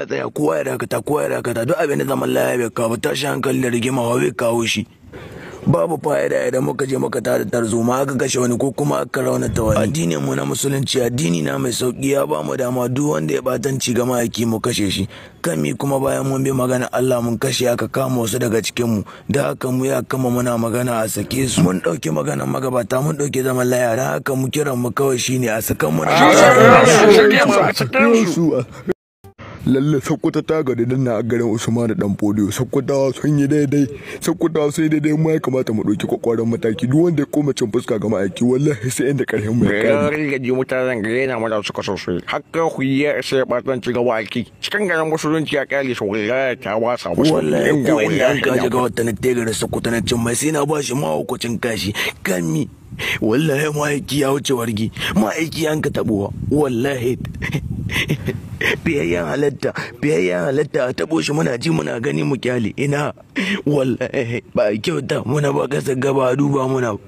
ya tsaya kowa ya dakata kowa ya dakata duk abin da zaman lafiya bai ba tashi hankali da rigima wa bai kawo shi babu fa'ida idan muka je muka tada tarzoma aka kashe wani ko kuma aka raunata wani addinin mu na musulunci addini na mai sauki ya ba mu dama duk wanda ya batanci ga mahaifi mu kashe shi kami kuma bayan mun bi magana Allah mun kashe aka kama wasu daga cikin mu da haka mu ya kama muna magana a sake su mun dauki maganar magabata mun dauki zaman laya da haka mu kiran mu kawai shine a sakan mu lalle sakkwata ta gari dan na garin usmanu dan podio sakkwatawa sun yi daidai sakkwatawa sun yi daidai ma ya kamata mu ɗauki kwakwaran mataki duk wanda ya koma cin fuska ga ma'aiki wallahi sai inda ƙarfin mu ya ga gari gaji mutanen gari yana mata suka sosai hakka ku yi ya isa ya ɓatan ci gaba aiki cikin garin musulunci ya ƙyale su ya ta wasa musu wallahi ko inda an kaje ga wata na tegara sakkwata na cin mai sai na ba shi mahaukacin kashi kami wallahi ma'aiki ya wuce wargi ma'aiki an ka taɓuwa wallahi biyayyen halatta biyayyen halatta a tabo shi muna ji muna gani mu kyale ina wallahi ba kyauta muna ba kasa gaba duba muna